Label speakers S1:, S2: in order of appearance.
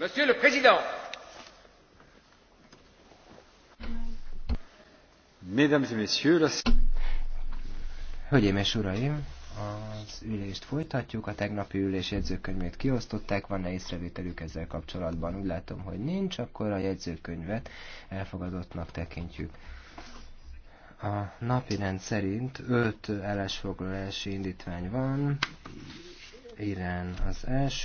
S1: Monsieur le Président.
S2: Mesdames et Messieurs, la...
S3: Hölgyeim és Uraim, az ülést folytatjuk, a tegnapi ülés jegyzőkönyvét kiosztották, van-e észrevételük ezzel kapcsolatban? Úgy látom, hogy nincs, akkor a jegyzőkönyvet elfogadottnak tekintjük. A napi rend szerint 5 állásfoglalási indítvány van, Irán az első.